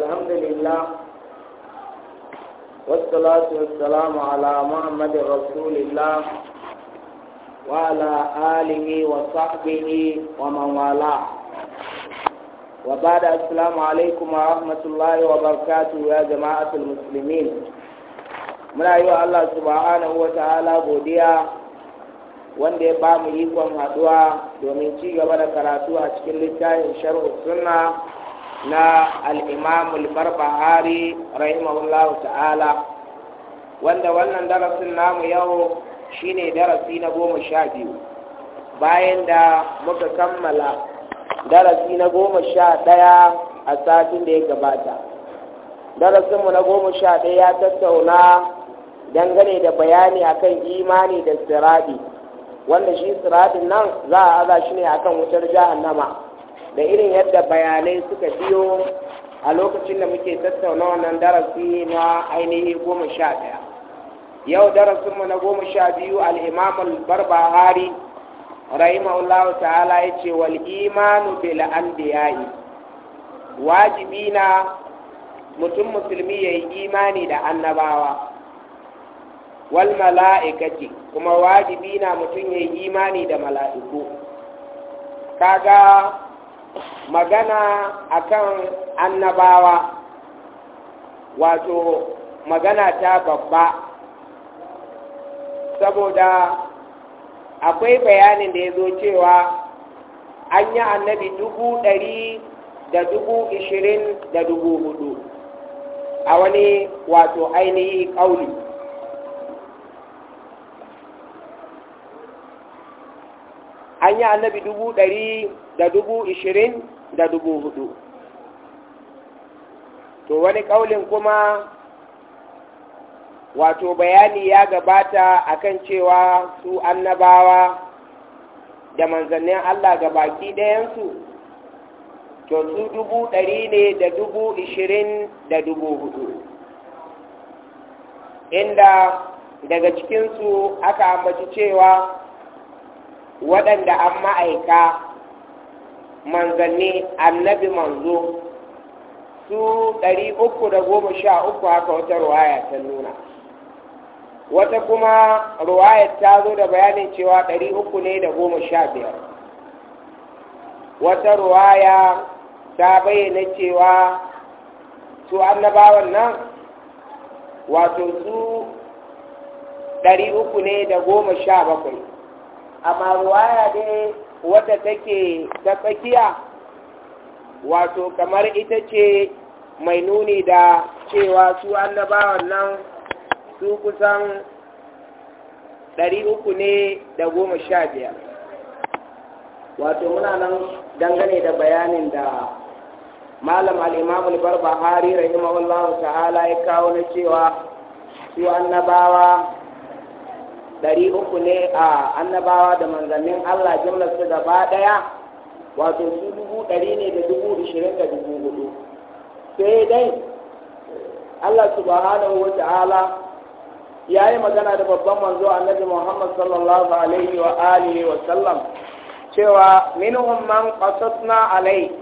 الحمد لله والصلاة والسلام على محمد رسول الله وعلى آله وصحبه ومن والاه وبعد السلام عليكم ورحمة الله وبركاته يا جماعة المسلمين muna yi wa Allah subhanahu wa ta'ala godiya wanda ya ba mu ikon haɗuwa domin ci gaba da karatu a cikin littafin sharh sunna na al'imam al-barbahari rahimahullah ta'ala wanda wannan darasin namu yau shine darasi na goma sha biyu bayan da muka kammala darasi na goma sha ɗaya a satin da ya gabata darasinmu na goma sha ɗaya ya tattauna dangane da bayani akan imani da sirabi wanda shi siradin nan za a aza shi ne akan wutar jahannama da irin yadda bayanai suka biyo a lokacin da muke tattauna wannan darasi na ainihi goma sha ɗaya yau darasinmu na goma sha biyu al'imamul barbahari rahimahullahu ta'ala ya ce wal imanu bil anbiya'i wajibi na mutum musulmi ya yi imani da annabawa wal mala'ikati kuma wajibi na mutum ya yi imani da mala'iku kaga magana akan annabawa wato magana ta babba saboda akwai bayanin da ya zo cewa an yi annabi dubu ɗari da dubu ishirin da dubu hudu a wani wato ainihi ƙauli an yi annabi dubu ɗari da dubu ishirin da dubu hudu to wani ƙaulin kuma wato bayani ya gabata akan cewa su annabawa da manzannin Allah ga baki ɗayansu to su dubu ɗari ne da dubu ishirin da dubu hudu inda daga cikinsu aka ambaci cewa waɗanda an ma'aika manzanni annabi manzo su ɗari uku da goma sha uku haka wata ruwaya ta nuna wata kuma ruwayar ta zo da bayanin cewa ɗari uku ne da goma sha biyar wata ruwaya ta bayyana cewa su annabawan nan wato su ɗari uku ne da goma sha bakwai amma ruwaya dai wata take ta tsakiya wato kamar ita ce mai nuni da cewa su annabawan nan su kusan ɗari uku ne da goma sha biyar wato muna nan dangane da bayanin da malam al'imam albarbahari rahimahullahu ta'ala ya kawo na cewa su annabawa ɗari uku ne a annabawa da manzannin Allah jimlar su gaba ɗaya wato su dubu ɗari ne da dubu ishirin da dubu hudu sai dai Allah subhanahu wa ta'ala ya yi magana da babban manzo annabi Muhammad sallallahu alaihi wa alihi wa sallam cewa minhum man qasasna alai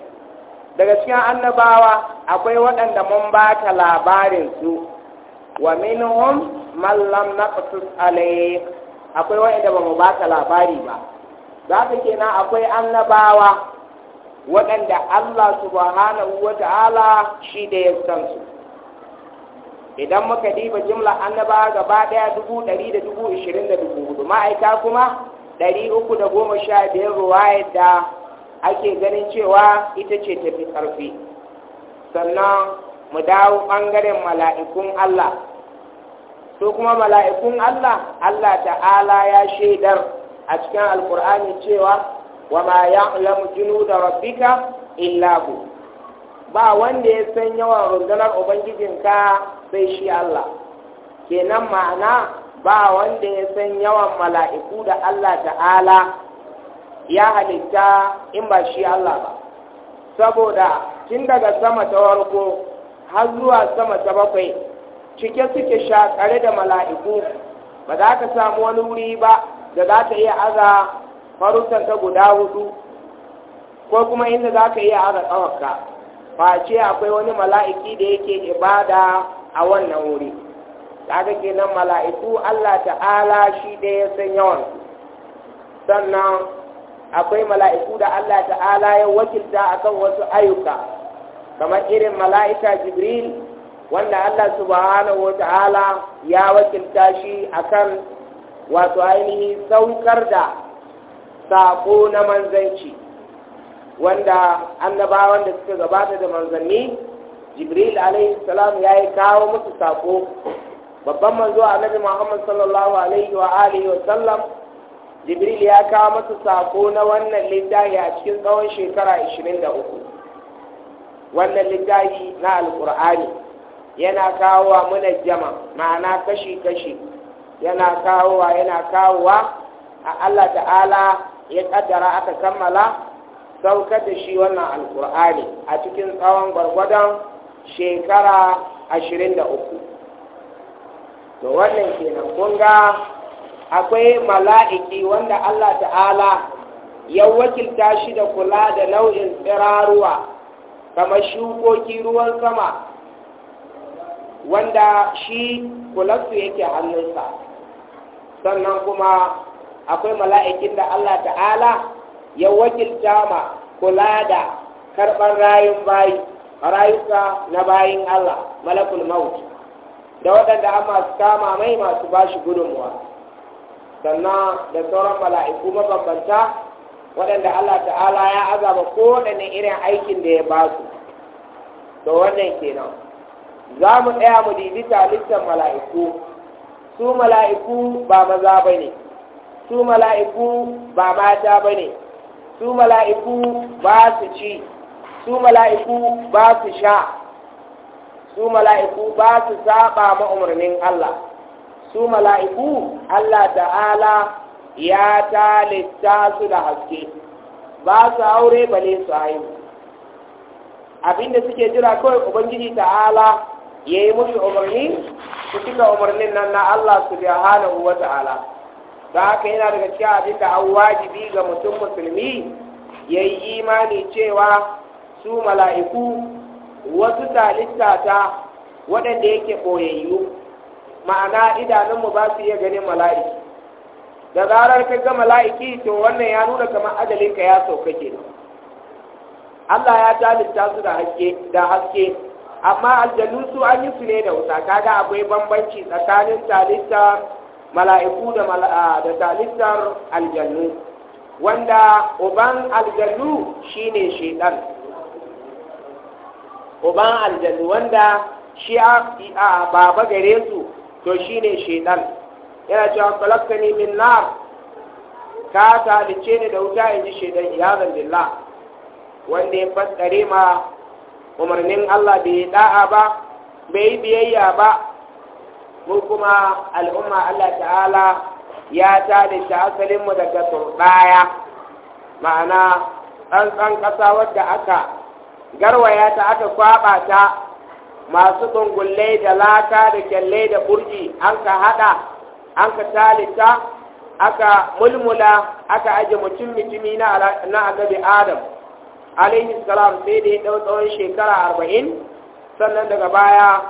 daga cikin annabawa akwai waɗanda mun ba ta labarin su wa minhum man lam naqsus alayhi akwai wanda ba mu baka labari ba za ka kenan akwai annabawa waɗanda Allah subhanahu wa ta'ala shi da ya san idan muka diba jimla annabawa gaba ɗaya dubu ɗari da dubu ishirin da dubu hudu ma'aika kuma ɗari uku da goma sha biyar ruwayar da ake ganin cewa ita ce tafi ƙarfi sannan mu dawo ɓangaren mala'ikun Allah su kuma mala'ikun Allah Allah ta'ala ya shaidar a cikin alkur'ani cewa wa ma jinu da rabbika illa ba wanda ya san yawan rundunar ubangijinka sai shi Allah kenan ma'ana ba wanda ya san yawan mala'iku da Allah ta'ala ya halitta in ba shi Allah ba saboda tun daga sama ta warko har zuwa sama ta bakwai cike suke shakare da mala'iku ba za ka samu wani wuri ba da za ta iya aza ta guda hudu ko kuma inda za ka iya aza ƙawarka ba ce akwai wani mala'iki da yake ibada a wannan wuri kaga kenan mala'iku Allah ta'ala shi da ya san yawan sannan akwai mala'iku da Allah ta'ala ya wakilta akan wasu ayyuka kamar irin mala'ika jibril wanda Allah subhanahu ta'ala ya wakilta shi kan, wato ainihi saukar da sako na manzanci wanda annabawan da suka gabata da manzanni jibril alaihi salam ya yi kawo musu sako babban manzo annabi muhammad sallallahu alaihi wa alihi wa sallam jibril ya kawo musu sako na wannan littafi a cikin tsawon shekara 23 wannan littafi na alkur'ani yana kawowa munajjama ma'ana kashi-kashi yana kawowa yana kawowa a Allah ta'ala ya kaddara aka kammala sauka da shi wannan alkur'ani a cikin tsawon gwargwadon shekara ashirin da uku to wannan kenan kun akwai mala'iki wanda Allah ta'ala ya wakilta shi da kula da nau'in tsiraruwa kamar shukoki ruwan sama wanda shi kulansu yake hannunsa sannan kuma akwai mala'ikin da Allah ta'ala ya wakilta ma kula da karɓar rayun bayi rayuka na bayin Allah malakul maut da waɗanda an masu kama mai masu bashi gudunmuwa sannan da sauran mala'iku mabambanta waɗanda Allah ta'ala ya azaba kowane irin aikin da ya ba su to wannan kenan za mu tsaya mu dibi talittar mala'iku su mala'iku ba maza ba ne su mala'iku ba mata ba ne su mala'iku ba su ci su mala'iku ba su sha su mala'iku ba su saba ma umarnin Allah su mala'iku Allah ta'ala ya talitta su da haske ba su aure bale su haihu abinda suke jira kawai ubangiji ta'ala ya yi musu umarni su cika umarnin nan na Allah subhanahu wa ala. Ba haka yana daga cikin abin da an wajibi ga mutum musulmi ya yi imani cewa su mala'iku wasu talitta ta waɗanda yake ɓoyayyu ma'ana idanunmu ba su iya ganin mala'iki da zarar ka ga mala'iki to wannan ya nuna kamar ka ya sauka ke Allah ya talitta su da haske da haske amma aljannu su an yi su ne da wuta kaga akwai bambanci tsakanin talitta mala'iku da da talittar aljannu wanda uban aljannu shine shaitan uban aljannu wanda shi a baba gare su to shine shaitan yana cewa ne min na. ka ta halice ni da wuta in ji shaidan iyazan billah wanda ya fassare ma umarnin Allah bai yi da'a ba bai yi biyayya ba mu kuma al'umma Allah ta'ala ya ta da shi asalin mu daga daya ma'ana tsantsan ƙasa wadda aka garwaya ta aka kwaba ta masu dungulle da laka da kyalle da burji an ka hada an ka talita aka mulmula aka aje mutum mutumi na annabi adam alaihi salam sai da ya ɗau tsawon shekara arba'in sannan daga baya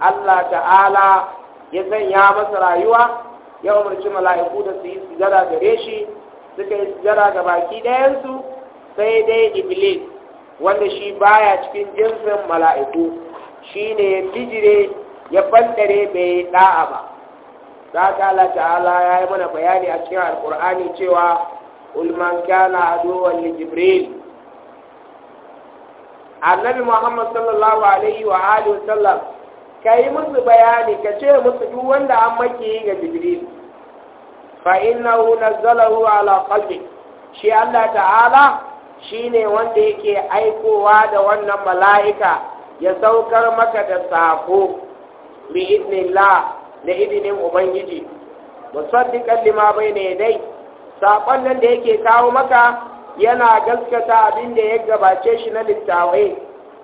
allah ta'ala ya sanya masa rayuwa ya umarci mala'iku da su yi sigara gare shi suka yi sigara ga baki ɗayansu sai dai iblis wanda shi baya cikin jinsin mala'iku shi ne ya bijire ya bandare bai ɗa'a ba da ka Allah ta'ala ya yi mana bayani a cikin alkur'ani cewa ulman kana aduwan li jibril annabi muhammad sallallahu alaihi wa alihi wasallam ka yi musu bayani ka ce musu duk wanda an maki ga jibril fa innahu nazzalahu ala qalbi shi Allah ta'ala shine wanda yake aikowa da wannan mala'ika ya saukar maka da sako bi idnillah na izinin ubangiji musaddiqan lima ne dai sakon nan da yake kawo maka yana gaskata abin da ya gabace shi na littawai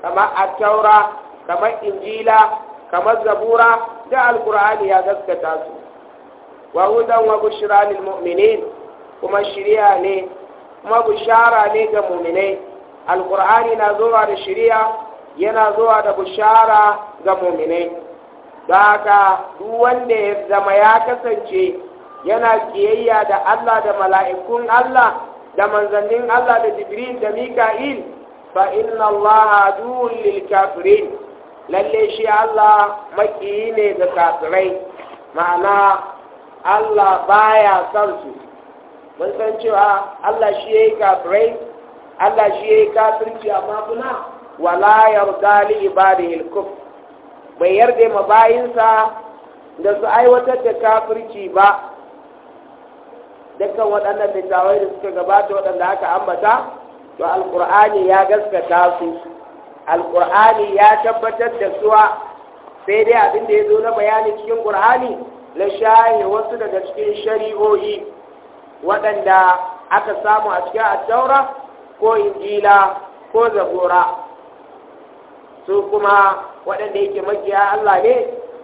kamar at-taura kamar injila kamar zabura da alkur'ani ya gaskata su wa hudan wa bushra lil mu'minin kuma shiriya ne kuma bushara ne ga mu'minai alkur'ani na zuwa da shiriya yana zuwa da bushara ga mu'minai daga duk wanda ya zama ya kasance yana kiyayya da Allah da mala'ikun Allah da manzannin Allah da Jibril da Mika'il ba inna Allah aduwwun lil lalle shi Allah maƙiyi ne ga kafirai ma'ana Allah baya son su mun san cewa Allah shi ya yi kafirai Allah shi ya yi kafirci amma kuna wala yarda li ibadihi al-kufr bai yarda ma bayinsa da su aiwatar da kafirci ba dukkan waɗannan littawai da suka gabata waɗanda aka ambata to alƙur'ani ya gaskata su alƙur'ani ya tabbatar da suwa sai dai abin da ya zo na bayani cikin ƙur'ani la shahi wasu daga cikin shari'o'i waɗanda aka samu a cikin attaura ko injila ko zabura su kuma waɗanda yake makiya Allah ne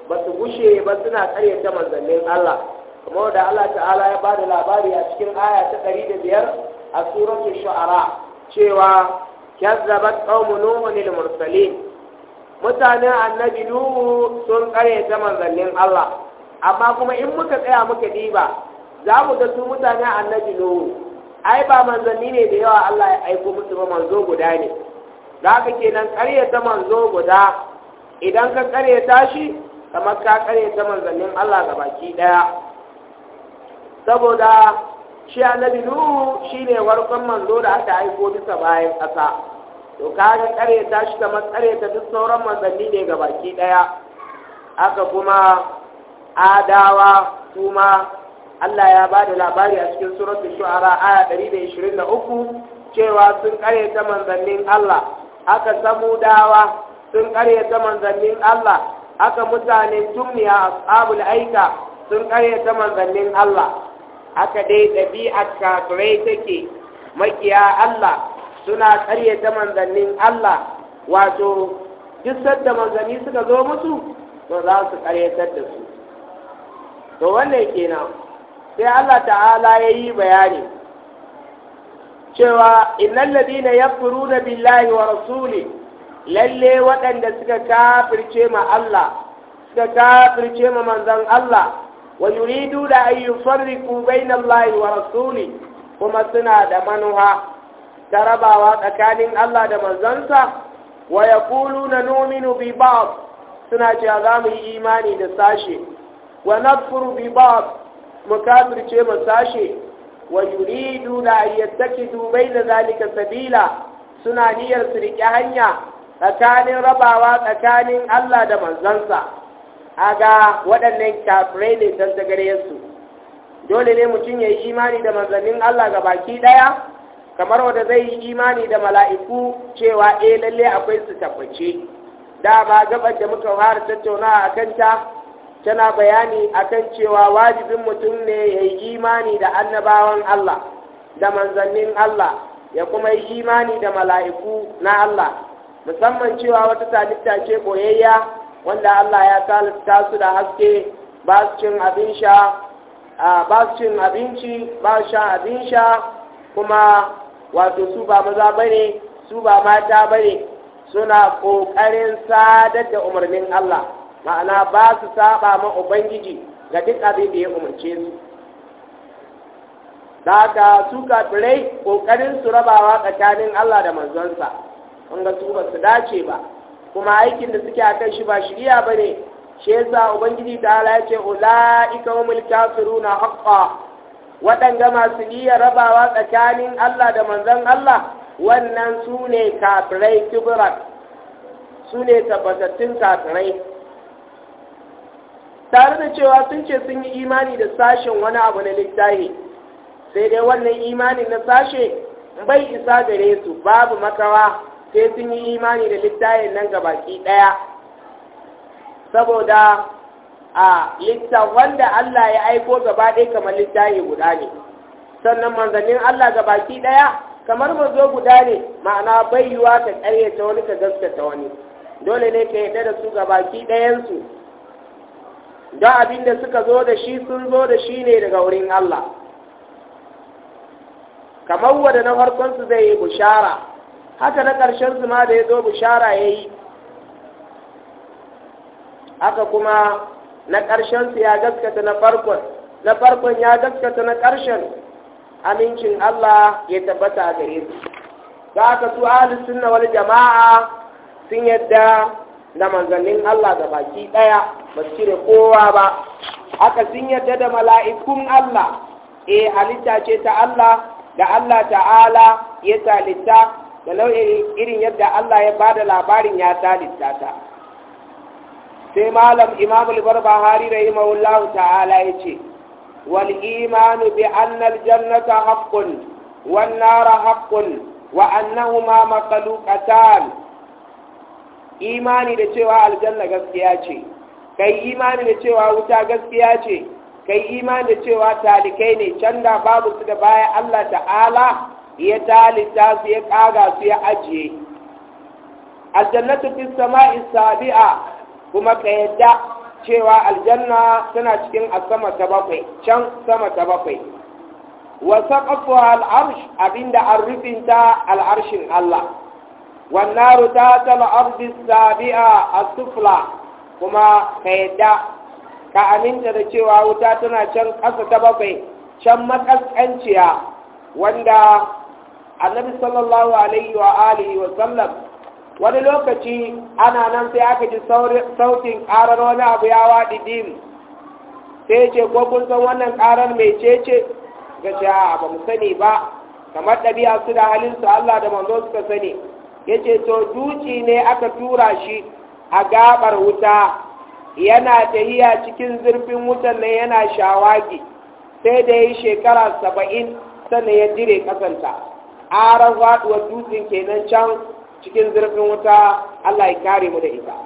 ba su gushe ba suna ta manzannin Allah kuma da Allah ta'ala ya bada labari a cikin aya ta ɗari da biyar a suratul shu'ara cewa kazzabat qaumu nuhun lil mursalin mutanen annabi nuhu sun ta manzannin Allah amma kuma in muka tsaya muka diba za mu ga su mutanen annabi nuhu ai ba manzanni ne da yawa Allah ya aiko musu ba manzo guda ne da haka kenan ƙaryata manzo guda idan ka ƙaryata shi kamar ka ƙaryata manzannin Allah ga baki ɗaya saboda shi annabi nuhu shine warkon manzo da aka aiko bisa bayan ƙasa to kaga ƙaryata shi kamar ƙaryata duk sauran manzanni ne ga baki ɗaya aka kuma adawa kuma Allah ya ba da labari a cikin suratul shu'ara aya 123 cewa sun ƙaryata manzannin Allah haka dawa sun ƙaryata manzannin Allah haka mutane a asabul aika sun ƙaryata manzannin Allah haka dai ɗabi'ar kafirai take makiya Allah suna ta manzannin Allah wato duk sadda manzanni suka zo musu to za su karyatar da su to wannan kenan sai Allah ta'ala ya yi bayani cewa ya furu na billahi wa rasuli lalle waɗanda suka kafirce ma Allah suka kafirce ma manzon Allah wa yuridu da an yufarriqu baina Allah wa rasuli kuma suna da manuha ta rabawa tsakanin Allah da manzansa wa na nu'minu bi ba'd suna cewa za mu yi imani da sashe wa nakfuru bi ba'd mu kafirce ma sashe ويريدون أن يتخذوا بين ذلك سبيلا suna niyyar su riƙe hanya tsakanin rabawa tsakanin Allah da manzansa a ga waɗannan kafirai ne don tagariyarsu dole ne mutum ya yi imani da manzannin Allah ga baki ɗaya kamar wanda zai yi imani da mala'iku cewa eh lalle akwai su tabbace da ba gabar da muka fara tattaunawa a kanta tana bayani akan cewa wajibin mutum ne ya yi imani da annabawan Allah da manzannin Allah ya kuma yi imani da mala'iku na Allah musamman cewa wata talitta ce koyayya wanda Allah ya talitta su da haske ba su cin abinci ba su sha abin sha kuma wato su ba maza ba ne, su ba mata ba ne, suna ƙoƙarin sadar da umarnin Allah ma'ana ba su saba ma ubangiji ga duk abin da ya umarce su da ka su kafirai kokarin su rabawa tsakanin Allah da manzonsa an ga su ba su dace ba kuma aikin da suke akan shi ba shiriya bane shi yasa ubangiji ta ala yace ulaika humul kafiruna haqqan waɗanga masu niyya rabawa tsakanin Allah da manzon Allah wannan su ne kafirai kibirat su ne tabbatattun kafirai tare da cewa sun ce sun yi imani da sashen wani abu na littafi sai dai wannan imanin na sashe bai isa gare su babu makawa sai sun yi imani da littafin nan ga baki ɗaya saboda a littafan wanda Allah ya aiko gaba ɗaya kamar littafi guda ne sannan manzannin Allah ga baki ɗaya kamar mazo guda ne ma'ana bai ta ka ƙaryata wani ka gaskata wani dole ne ka yi da su ga baki ɗayansu don abin da suka zo da shi sun zo da shi ne daga wurin Allah kamar wadda na farkonsu zai yi bushara haka na ƙarshensu ma da ya zo bushara ya yi haka kuma na ƙarshensu ya gaskata na farkon na farkon ya gaskata na ƙarshen amincin Allah ya tabbata gare su za ka su ahalus wal jama'a sun yadda da manzannin Allah da baki ɗaya ba su cire kowa ba aka sun yadda da mala'ikun Allah e halitta ce ta Allah da Allah ta'ala ya talitta da nau'in irin yadda Allah ya ba da labarin ya talitta ta sai malam imam da barbahari rahimahullahu ta'ala ya ce wal imanu bi annal jannata haqqun wan nara haqqun wa makalu makhluqatan imani da cewa aljanna gaskiya ce kai imani da cewa wuta gaskiya ce kai imani da cewa talikai ne canda babu su da baya Allah ta'ala ya talita su ya kaga su ya ajiye aljannatu fis sama'i sabi'a kuma ka yadda cewa aljanna tana cikin asama ta bakwai can sama ta bakwai wa saqafu al-arsh abinda an rufinta al-arshin Allah wannaru ta tala ardi sabi'a Sufla kuma ka yadda ka aminta da cewa wuta tana can ƙasa ta bakwai can matsaskanciya wanda annabi alaihi wa alihi wa sallam wani lokaci ana nan sai aka ji sautin ƙarar wani abu ya waɗi dim sai ce ko kun san wannan ƙarar mai cece ga a ba mu sani ba kamar ɗabi'a su da halinsu Allah da manzo suka sani yace to duci ne aka tura shi a gabar wuta yana tahiya cikin zurfin wutan nan yana shawagi sai da yi shekara saba'in sannan ya dire kasanta aran faduwar dutsen kenan can cikin zurfin wuta Allah ya kare mu da ita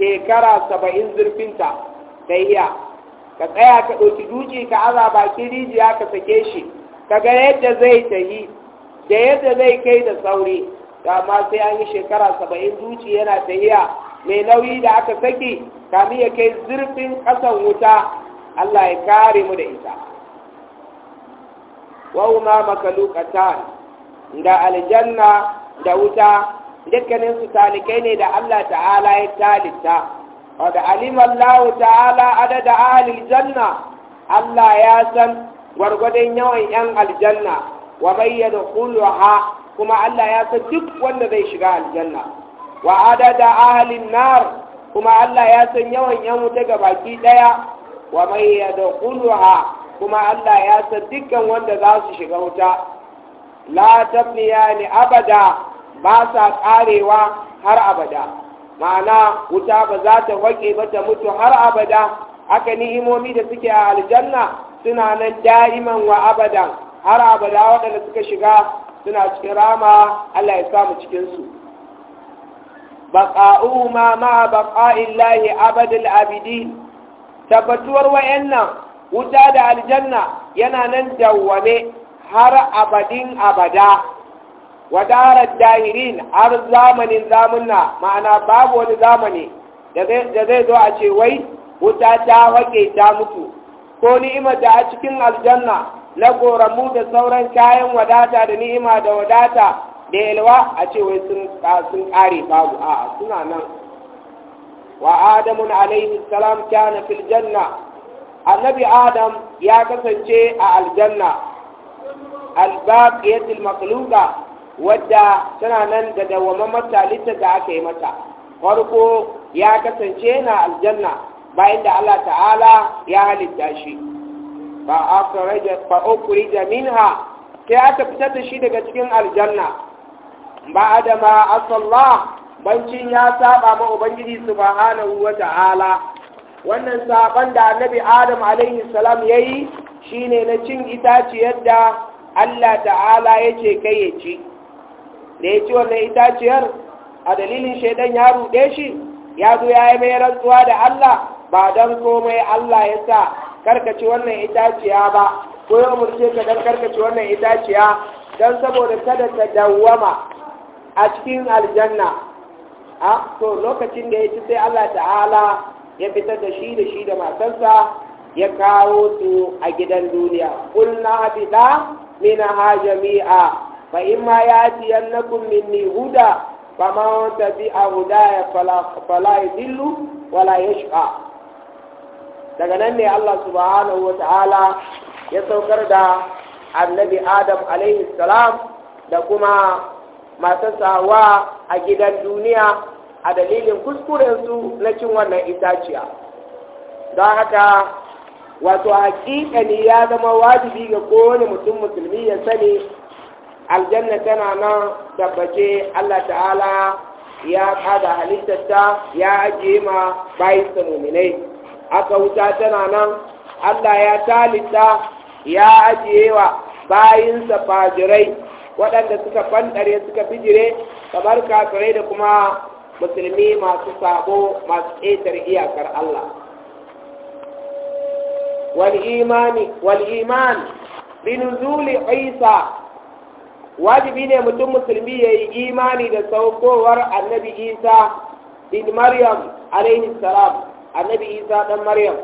shekara saba'in zurfinta tahiya ka tsaya ka ɗauki duci ka aza baki rijiya ka sake shi Kaga yadda zai tahi da yadda zai kai da sauri ma sai an yi shekara saba'in duci yana tahiya mai nauyi da aka saki kami ya kai zurfin ƙasan wuta Allah ya kare mu da ita wa ma makalukatan da aljanna da wuta dukkanin su talikai ne da Allah ta'ala ya talitta wadda alimallahu ta'ala adada ahli Aljanna? Allah ya san gwargwadon yawan 'yan aljanna wa bayyana kulluha kuma Allah ya san duk wanda zai shiga aljanna wa adada ahlin nar kuma Allah ya san yawan yan wuta ga baki daya wa mai yadkhuluha kuma Allah ya san dukkan wanda za su shiga wuta la tabniyani abada ba sa karewa har abada ma'ana wuta ba za ta wake ba ta mutu har abada haka ni'imomi da suke a aljanna suna nan da'iman wa abadan har abada waɗanda suka shiga suna cikin rama Allah ya samu cikinsu baƙa'u ma ma baƙa'in lahi abadul abidi tabbatuwar wa'annan wuta da aljanna yana nan dawwame har abadin abada wadarar dahirin har zamanin zamunna ma'ana babu wani zamani da zai zo a ce wai wuta ta wake ta mutu ko ni'imar da a cikin aljanna na goramu da sauran kayan wadata da ni'ima da wadata da yalwa a ce wai sun ƙare babu a suna nan wa adamun alaihi salam kana fil janna annabi adam ya kasance a aljanna albaqiyatul makhluqa wadda tana nan da dawwama mata da aka yi mata farko ya kasance na aljanna bayan da Allah ta'ala ya halitta shi ba akhraja fa ukhrija minha sai aka fitar da shi daga cikin aljanna ba adama asallah bancin ya saba ma ubangiji subhanahu wa ta'ala wannan saban da annabi adam alaihi salam yayi shine na cin itaciyar da Allah ta'ala yake kai ya ci da ya ci wannan itaciyar a dalilin shaidan ya ruɗe shi ya zo ya yi mai rantsuwa da Allah ba dan komai Allah ya sa karkaci wannan itaciya ba ko ya umarce ka dan karkaci wannan itaciya dan saboda kada ta dawwama a cikin aljanna a to lokacin da ya ci sai Allah ta'ala ya fitar da shi da shi da matarsa ya kawo su a gidan duniya kulna bida min ha jami'a fa imma yati annakum minni huda faman tabi'a hudaya fala fala yadillu wala yashqa daga nan ne Allah subhanahu wata'ala ya saukar da annabi Adam alaihi salam da kuma matarsa wa a gidan duniya a dalilin kuskurensu na cin wannan itaciya don haka wato hakikani ya zama wajibi ga kowane mutum musulmi ya sani aljanna tana nan tabbace Allah ta'ala ya kada halittarta ya ajiye ma bayan muminai aka wuta tana nan Allah ya talita ya ajiyewa bayinsa fajirai waɗanda suka fanɗare suka jire kamar kafirai da kuma musulmi masu sabo masu ƙetar iyakar Allah wal iman bi isa wajibi ne mutum musulmi ya yi imani da saukowar annabi isa bin maryam alaihi salam annabi isa ɗan maryam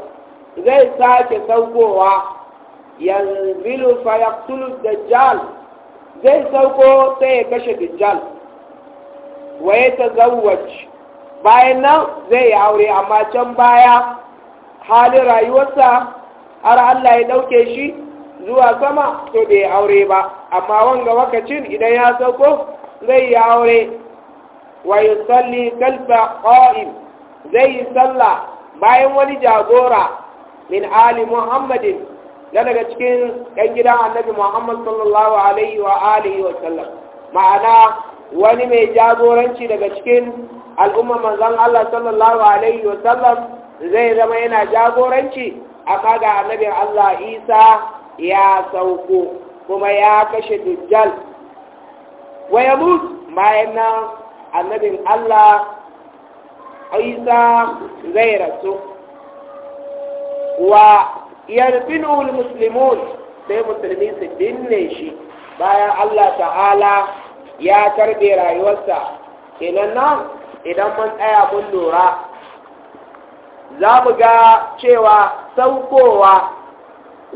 zai sake saukowa yanzilu fa yaqtulu dajjal zai sauko sai ya kashe dajjal wa ya bayan nan zai yi aure amma can baya halin rayuwarsa har Allah ya ɗauke shi zuwa sama to bai aure ba amma wanga wakacin idan ya sauko zai yi aure wa yusalli kalfa qa'im zai yi sallah bayan wani jagora min ali muhammadin na daga cikin ɗan gidan annabi muhammad sallallahu alaihi wa alihi wa sallam ma'ana wani mai jagoranci daga cikin al'umma manzon Allah sallallahu alaihi wa sallam zai zama yana jagoranci amma ga annabin Allah Isa ya sauko kuma ya kashe dujjal wa yamut bayan nan annabin Allah عيسى غيرته ويرفنه المسلمون sai musulmi su binne shi bayan Allah ta'ala ya karɓe rayuwarsa kenan nan idan mun tsaya mun lura za mu ga cewa saukowa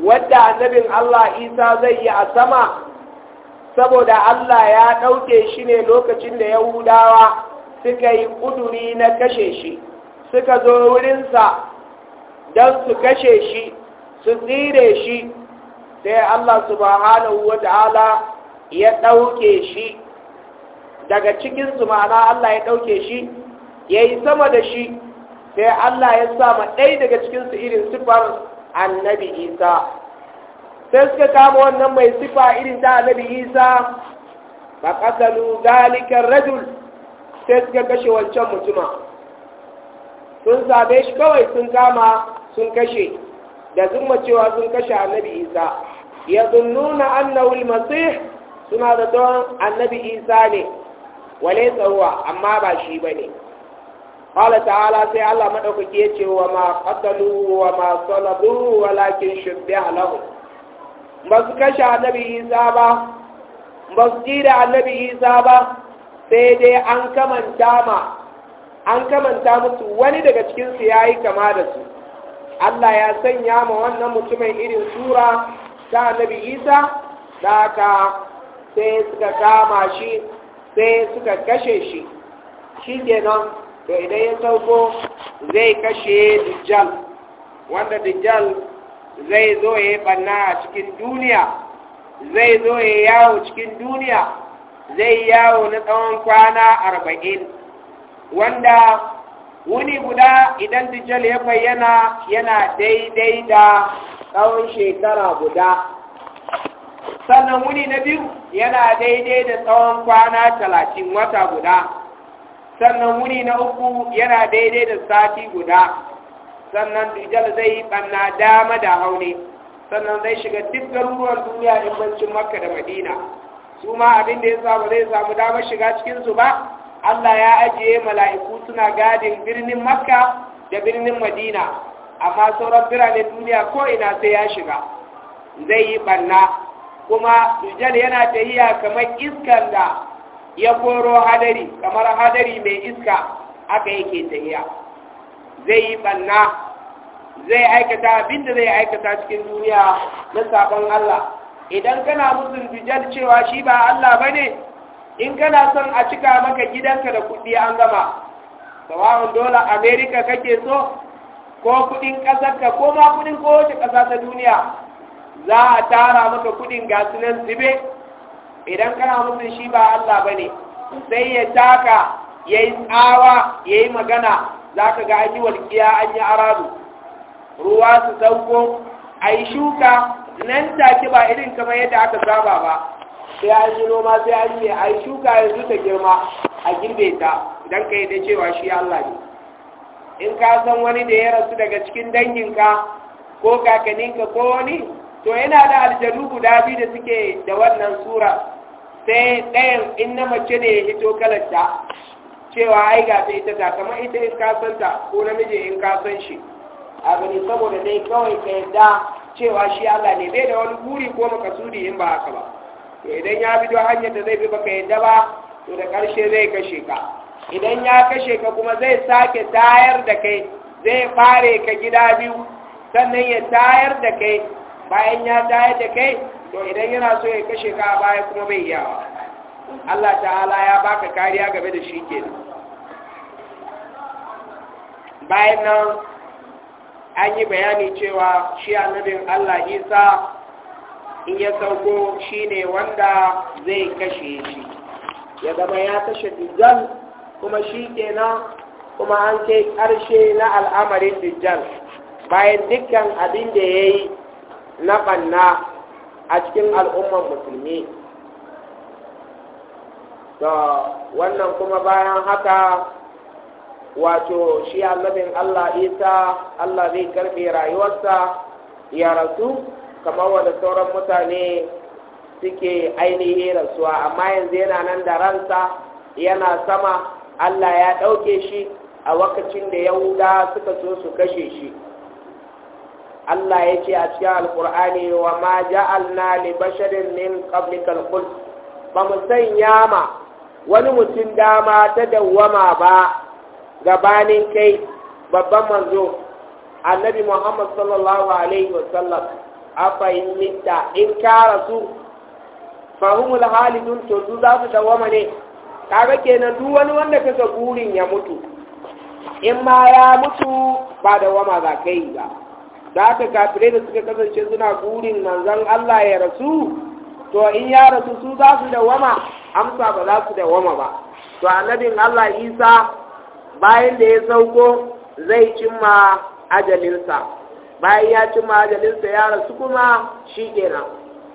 wadda annabin Allah isa zai yi a sama saboda Allah ya ɗauke shi ne lokacin da Yahudawa suka yi ƙuduri na kashe shi suka zo wurinsa don su kashe shi su tsire shi sai Allah subhanahu wa ta'ala ya ɗauke shi daga cikinsu ma'ana Allah ya ɗauke shi ya yi sama da shi sai Allah ya sama ɗai daga cikinsu irin sifar annabi isa sai suka kama wannan mai sifa irin ta annabi isa ba ƙasalu galikan rajul sai suka kashe wancan mutuma sun zabe shi kawai sun kama sun kashe da sun cewa sun kashe annabi isa ya nuna annawul Masih suna da don annabi isa ne wale tsawa amma ba shi ba ne. qala ta'ala sai Allah madaukaki ya ce wa ma ƙasalu wa ma salabuhu walakin shubbiha lahu ba su kashe annabi isa ba ba su ji da annabi isa ba sai dai an kamanta ma an kamanta musu wani daga cikinsu ya yi kama da su Allah ya sanya ma wannan mutumin irin sura ta nabi isa da aka sai suka kama shi sai suka kashe shi shi kenan to idan ya sauko zai kashe dijjal wanda dijjal zai zo ya yi banna a cikin duniya zai zo ya yawo cikin duniya zai yawo na tsawon kwana arba'in wanda wuni guda idan dijjal ya bayyana yana daidai da tsawon shekara guda sannan wuni na biyu yana daidai da tsawon kwana talatin wata guda sannan wuni na uku yana daidai da sati guda sannan dijjal zai banna dama da haune sannan zai shiga duk garuruwan duniya in bancin makka da madina su ma abin da ya samu zai samu damar shiga cikinsu ba Allah ya ajiye mala'iku suna gadin birnin Makka da birnin Madina amma sauran birane duniya ko ina sai ya shiga zai yi banna kuma dujjal yana a kamar iskan da ya koro hadari kamar hadari mai iska haka yake tahiya zai yi banna zai aikata abin da zai aikata cikin duniya na sabon Allah idan kana musun bijal cewa shi ba Allah bane in kana son a cika maka gidanka da kuɗi an gama sawa'un dola america kake so ko kuɗin ƙasarka ko ma kuɗin kowace ƙasa ta duniya za a tara maka kudin gasu nan zube idan kana musun shi ba Allah bane sai ya taka ya yi tsawa ya yi magana za ka ga an yi walƙiya an yi aradu ruwa su sauko a yi shuka nan take ba irin kamar yadda aka saba ba sai an yi noma sai an yi a shuka yanzu ta girma a girbe ta don ka yi da cewa shi Allah ne in ka san wani da ya rasu daga cikin danginka ko kakaninka ko wani to yana da aljanu guda biyu da suke da wannan sura sai ɗayan in na mace ne ya hito kalarta cewa ai ga ta ita ta kamar ita in ka santa ko namiji in ka san shi a saboda dai kawai ka yadda cewa shi Allah ne bai da wani buri ko makasudi in ba haka ba idan ya bi don hanyar da zai bi baka yadda ba to da karshe zai kashe ka idan ya kashe ka kuma zai sake tayar da kai zai fare ka gida biyu sannan ya tayar da kai bayan ya tayar da kai to idan yana so ya kashe ka a baya kuma bai yawa Allah ta'ala ya baka kariya game da shi kenan bayan nan an yi bayani cewa shi annabin Allah Isa in ya sauko shi ne wanda zai kashe shi ya zama ya kashe dijjal kuma shi kenan kuma an kai ƙarshe na al'amarin dijjal bayan dukkan abin da ya yi na ɓanna a cikin al'ummar musulmi da wannan kuma bayan haka wato shi annabin Allah Isa Allah zai karbe rayuwarsa ya rasu kamar wanda sauran mutane suke ainihin rasuwa amma yanzu yana nan da ransa yana sama Allah ya ɗauke shi a wakacin da yahuda suka so su kashe shi Allah ya ce a cikin alkur'ani wa ma ja'alna li basharin min qablikal khuld ba mu sanya ma wani mutum dama ta dawwama ba gabanin kai babban manzo annabi muhammad sallallahu alaihi wasallam a fahimta in kara rasu fahimul halidun to su za su dawama ne kaga kenan duk wani wanda ga burin ya mutu in ma ya mutu ba dawama za ka yi ba za ka kafirai da suka kasance suna burin manzan allah ya rasu to in ya rasu su za su dawama amsa ba za su dawama ba to annabin allah isa bayan da ya sauko zai cimma ajalinsa bayan ya cimma ajalinsa ya rasu kuma shi kenan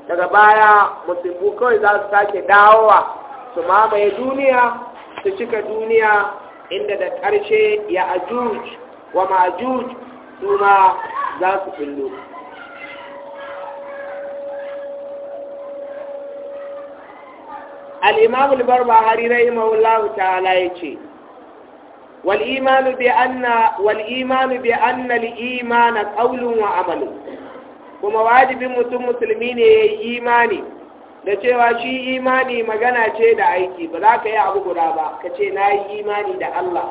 daga baya musulmi kawai za su sake dawowa su mamaye duniya su cika duniya inda da ƙarshe ya ajuj wa ma'ajuj su ma za su fillo al'imamul barba hari rahimahullahu ta'ala ya ce والإيمان بأن والإيمان بأن الإيمان قول وعمل كما واجب متم مسلمين إيماني da cewa shi imani magana ce da aiki ba za ka yi abu guda ba ka ce na yi imani da Allah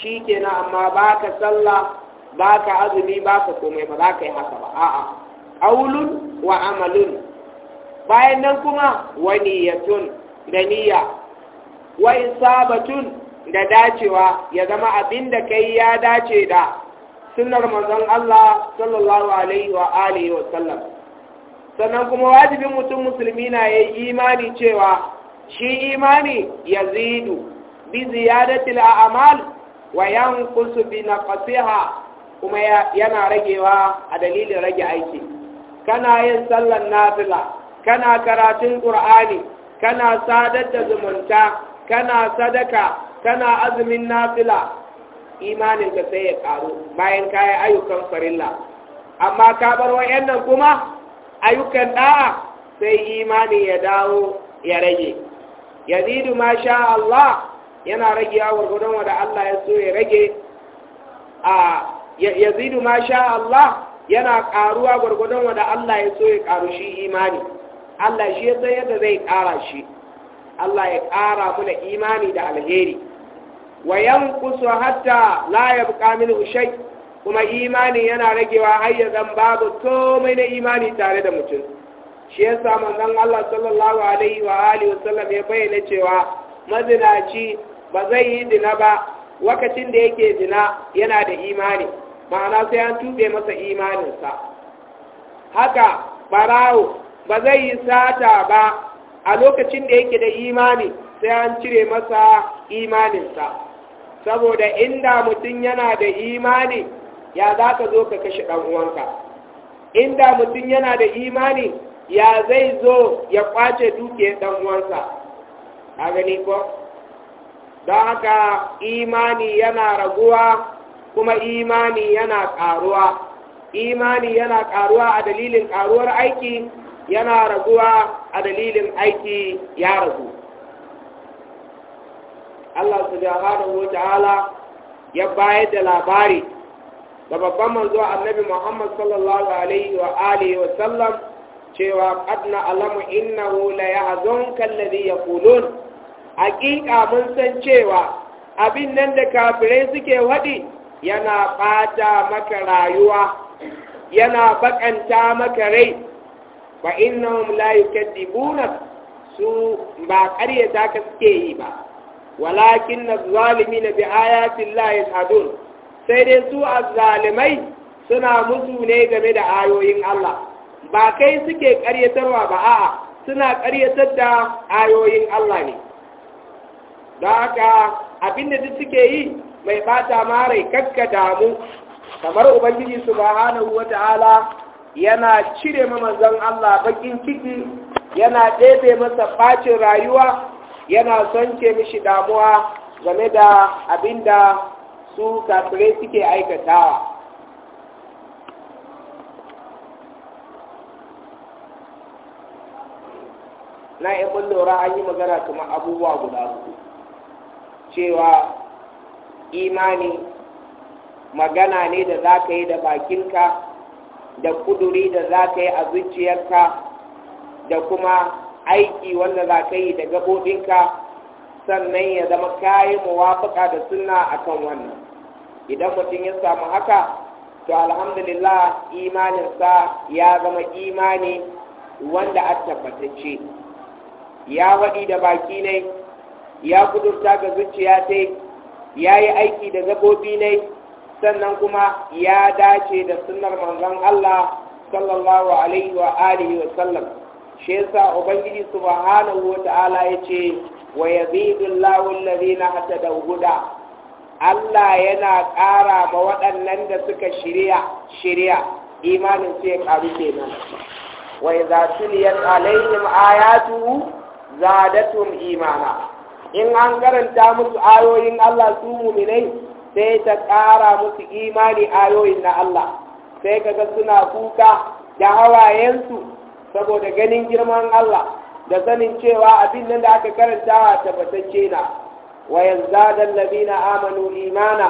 shi kenan amma ba ka sallah ba ka azumi ba ka komai ba za ka yi haka ba a'a aulun wa amalun bayan nan kuma wa niyyatun da niyya wa isabatun da dacewa ya zama abin da kai ya dace da sunar manzon Allah sallallahu alaihi wa alihi wa sallam sannan kuma wajibin mutum musulmi na yi imani cewa shi imani yazidu bi ziyadatil a'mal wa yanqus bi naqsiha kuma yana ragewa a dalilin rage aiki kana yin sallar nafila kana karatun qur'ani kana sadar da zumunta kana sadaka kana azumin nafila imanin ka sai ya ƙaru bayan kayan ayyukan farilla amma ka bar wayannan kuma ayyukan da'a sai imani ya dawo ya rage yazidu ma sha Allah yana rage ya gudun wanda Allah ya so ya rage a yazidu ma sha Allah yana ƙaruwa gwargwadon wanda Allah ya so ya ƙaru shi imani Allah shi ya san yadda zai ƙara shi Allah ya ƙara muna imani da alheri wa kusa hatta la yabqa minhu shay kuma imani yana ragewa har ya zan babu komai na imani tare da mutum shi yasa manzon Allah sallallahu alaihi wa alihi wa sallam ya bayyana cewa mazinaci ba zai yi dina ba Wakacin da yake dina yana da imani ma'ana sai an tube masa imaninsa haka barawo ba zai yi sata ba a lokacin da yake da imani sai an cire masa imaninsa saboda inda mutum yana da imani ya za ka zo ka kashe ɗan uwanka inda mutum yana da imani ya zai zo ya kwace duke ɗan uwansa a gani ko don haka imani yana raguwa kuma imani yana ƙaruwa imani yana ƙaruwa a dalilin ƙaruwar aiki yana raguwa a dalilin aiki ya ragu Allah subhanahu wa ya bayar da labari da babban manzo annabi Muhammad sallallahu alaihi wa alihi wa sallam cewa qad na'lamu innahu la yahzunka alladhi yaqulun haqiqa mun san cewa abin nan da kafirai suke wadi yana ɓata maka rayuwa yana baƙanta maka rai wa innahum la yukadibuna su ba ƙaryata ka suke yi ba walakin na zalimi na bi ayatin layin adun sai dai su a zalimai suna musu ne game da ayoyin Allah ba kai suke karyatarwa ba a'a suna karyatar da ayoyin Allah ne da haka abinda duk suke yi mai bata marai kakka damu kamar ubangiji su subhanahu wata'ala yana cire mamazan Allah bakin ciki yana ɗebe masa bacin rayuwa yana son ke mishi damuwa game da abinda su kafirai suke aikatawa na in lura an yi magana kuma abubuwa guda uku cewa imani magana ne da za ka yi da bakinka da kuduri da za ka yi a zuciyarka da kuma aiki wanda za ka yi da gabobinka sannan ya zama kayi muwafaka da suna a kan wannan idan mutum ya samu haka to alhamdulillah imaninsa ya zama imani wanda a tabbatacce ya waɗi da baki ne ya kudurta ga zuciya ta ya yi aiki da gaɓoɓi nai sannan kuma ya dace da sunar manzon Allah sallallahu alaihi wa alihi wa sallam shi yasa ubangiji subhanahu wata'ala yace wa yabidu llahu alladhina hatadaw huda Allah yana ƙara ma waɗannan da suka shirya shirya imanin su ya ƙaru kenan wa idza tuliyat alaihim ayatu zadatum imana in an karanta musu ayoyin Allah su muminai sai ta ƙara musu imani ayoyin na Allah sai kaga suna kuka da hawayensu saboda ganin girman Allah da sanin cewa abin nan da aka karanta a tabbatacce na wa yazdadal na amanu imana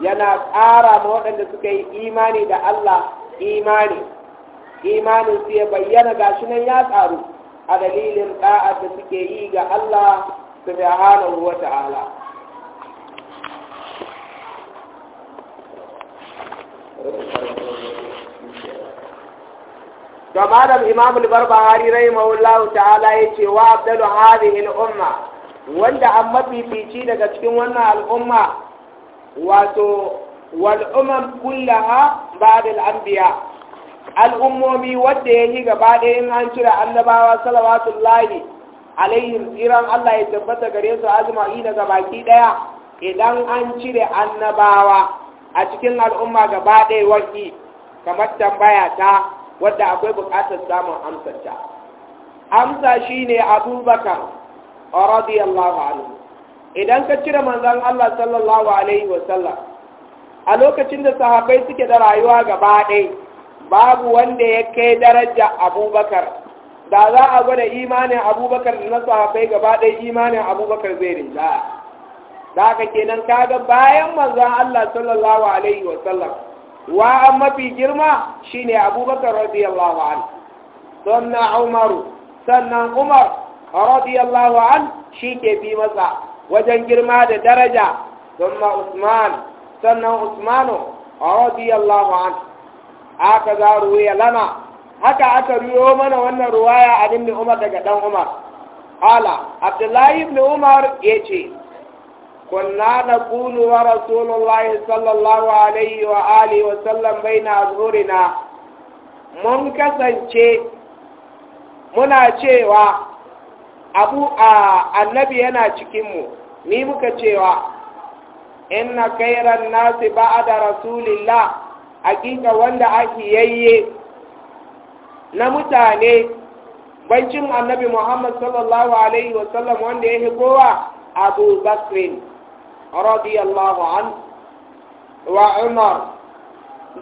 yana ƙara ma waɗanda suka yi imani da Allah imani imanin su ya bayyana gashi nan ya ƙaru a dalilin ɗa'ar da suke yi ga Allah subhanahu wa ta'ala da malam imam al-barbahari maulahu ta'ala ce wa abdalu hadhihi al-umma wanda an mafifici daga cikin wannan al'umma wato wal umam kullaha ba'da al-anbiya al'ummomi wanda yayi gaba ɗaya in an cire annabawa salawatullahi alaihi iran Allah ya tabbata gare su azma'i daga baki ɗaya idan an cire annabawa a cikin al'umma gaba ɗaya waki kamar tambaya ta wadda akwai bukatar samun amsarta amsa shi ne abubakar radiyallahu anhu idan ka cire manzan Allah sallallahu alaihi wasallam a lokacin da sahabbai suke da rayuwa gaba ɗaya babu wanda ya kai daraja abubakar da za a gwada imanin abubakar da na sahabbai gaba ɗaya imanin abubakar zai rinja da haka kenan kaga bayan manzan Allah sallallahu alaihi wasallam wa an mafi girma shine abubakar radiyallahu an sannan umaru sannan umar radiyallahu an shi ke bi masa wajen girma da daraja sannan usman sannan usmanu radiyallahu an aka za ruwaya lana haka aka riyo mana wannan ruwaya a ibn umar daga dan umar hala abdullahi ibn umar yace كنا نقول ورسول الله صلى الله عليه وآله وسلم بين أظهرنا mun kasance muna cewa abu a annabi yana cikinmu ni muka cewa inna kairan nasi ba'a da rasulillah hakika wanda ake yayye na mutane bancin annabi muhammad sallallahu alaihi wasallam wanda ya kowa abu bakrin رضي الله عنه وعمر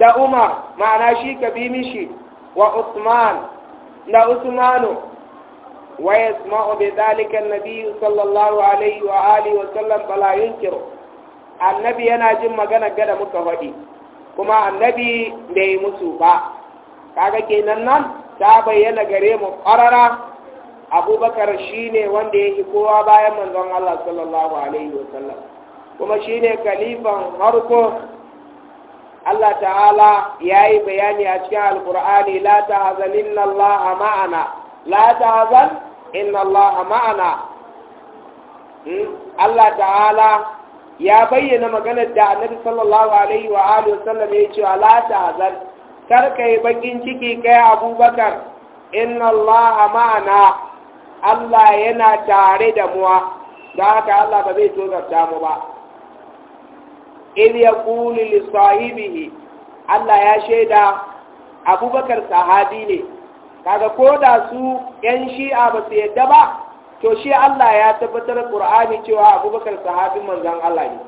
دا عمر معنى شي كبيمشي وعثمان دا عثمان ويسمع بذلك النبي صلى الله عليه وآله وسلم فلا ينكر annabi yana jin magana gada muka faɗi kuma annabi bai musu ba kaga kenan nan ta bayyana gare mu ƙwarara abubakar shine wanda yake kowa bayan manzon Allah sallallahu alaihi kuma shi ne kalifan harko Allah ta'ala ya yi bayani a cikin alkur'ani la tahzan inna Allah ma'ana la hazan inna Allah ma'ana hmm? Allah ta'ala ya bayyana maganar da annabi sallallahu alaihi wa alihi wasallam ya ce la hazan kar kai bakin ciki kai abubakar inna Allah ma'ana Allah yana tare da muwa don haka Allah ba zai tozarta mu ba idh yaqulu li sahibihi Allah ya shaida Abubakar sahabi ne kaga ko da su yan shi'a ba su yadda ba to shi Allah ya tabbatar Qur'ani cewa Abubakar sahabin manzon Allah ne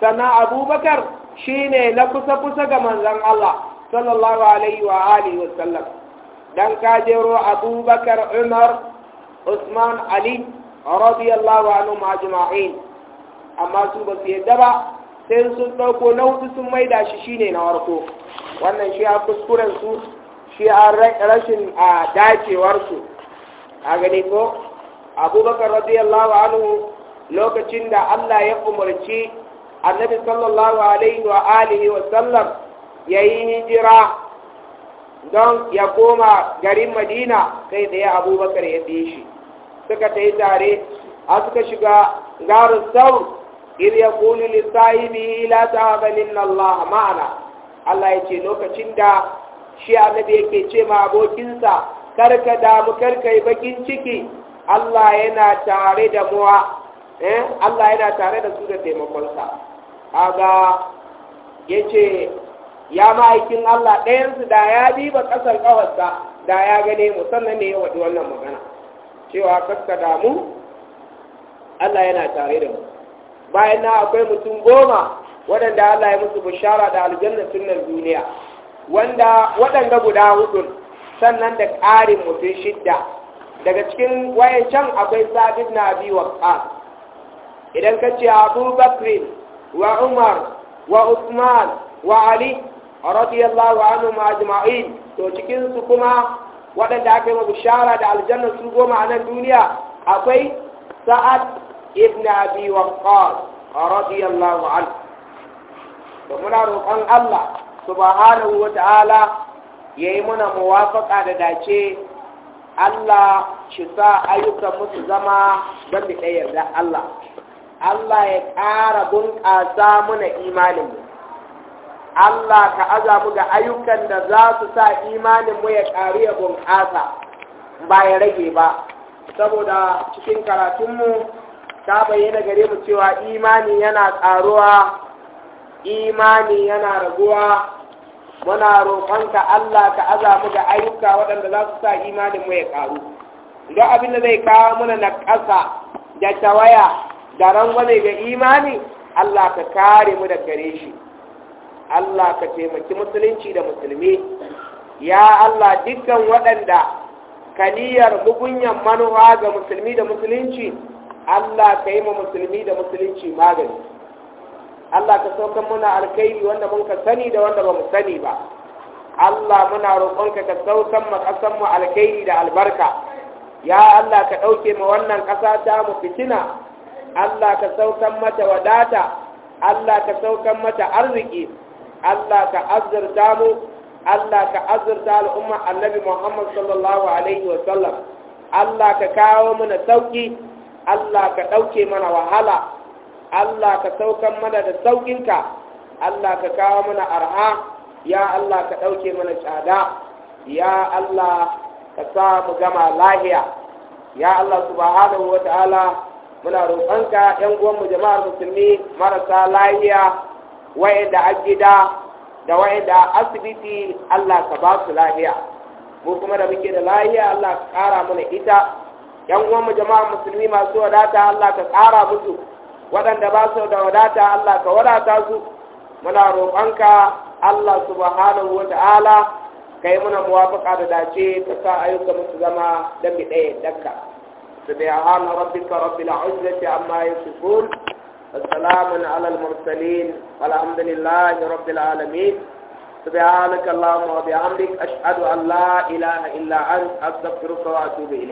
sannan Abubakar shine na kusa kusa ga manzon Allah sallallahu alaihi wa alihi wa sallam dan jero Abubakar Umar Usman Ali radiyallahu anhu majma'in amma su ba su yadda ba sai sun ɗauko na hudu sun maida shi shine na warko wannan shi a kuskuren shi a rashin a dacewarsu a gani ko abubakar radiyallahu anhu lokacin da Allah ya umarci annabi sallallahu alaihi wa alihi wa sallam ya yi hijira don ya koma garin madina kai tsaye abubakar ya fi shi suka ta yi tare a suka shiga garin saur إذ يقول لصاحبه لا تهزن إن الله ma'ana. Allah ya ce lokacin da shi annabi yake ce ma abokinsa karka damu karka yi bakin ciki Allah yana tare da muwa Allah yana tare da su da taimakonsa kaga yace ya ma'aikin Allah ɗayansu da ya biba ƙasar ƙawarsa da ya gane mu sannan ne ya waɗi wannan magana cewa kakka damu Allah yana tare da mu bayan na akwai mutum goma waɗanda Allah ya musu bishara da aljanna sunan duniya wanda waɗanda guda hudu sannan da ƙarin mutum shidda daga cikin can akwai sabit na abi ƙas. idan ka ce abu bakri wa umar wa usman wa ali radiyallahu anhu jima'i, to cikin su kuma waɗanda aka yi bishara da aljanna su goma a nan duniya akwai sa'ad ibn abi waqqas radiyallahu anhu to muna roƙon Allah subhanahu wa ta'ala yayi muna muwafaqa da dace Allah shi sa ayyukan musu zama don da ɗaya da Allah Allah ya ƙara bunƙasa muna imaninmu Allah ka aza mu ga ayyukan da za su sa imaninmu ya ƙaru ya bunƙasa ba ya rage ba saboda cikin karatunmu ta bayyana gare mu cewa imani yana ƙaruwa imani yana raguwa muna roƙonta Allah ka aza mu da ayyuka waɗanda za su sa imanin mu ya ƙaru don abin da zai kawo mana na ƙasa da tawaya da rangwame ga imani Allah ka kare mu da gare shi Allah ka taimaki musulunci da musulmi ya Allah dukkan waɗanda kaniyar bugunyan manuwa ga musulmi da musulunci Allah ka yi ma musulmi da musulunci magani Allah ka saukan muna alkhairi wanda mun ka sani da wanda ba mu sani ba Allah muna roƙonka ka saukan ma ƙasar mu alkhairi da albarka ya Allah ka ɗauke ma wannan ƙasa ta mu fitina Allah ka saukan mata wadata Allah ka saukan mata arziki Allah ka azurta mu Allah ka azurta al'umma annabi Muhammad sallallahu alaihi wa sallam Allah ka kawo mana sauki Allah ka ɗauke mana wahala Allah ka saukan mana da sauƙinka Allah ka kawo mana arha ya Allah ka ɗauke mana tsada ya Allah ka sa mu gama lahiya ya Allah subhanahu wa ta'ala muna roƙonka ƴan mu jama'ar musulmi marasa lahiya wa'inda da gida da da asibiti Allah ka ba su lahiya mu kuma da muke da lahiya Allah ka ƙara mana ita yan uwanmu jama'a musulmi masu wadata Allah ka ƙara musu waɗanda ba su da wadata Allah ka wadata su muna roƙonka Allah subhanahu wa ta'ala ka yi muna muwafaƙa da dace ka sa ayyuka musu zama da mi ɗaya dakka سبحان ربك رب العزة عما يصفون السلام على المرسلين والحمد لله رب العالمين سبحانك اللهم وبحمدك أشهد أن لا إله إلا أنت أستغفرك وأتوب إليك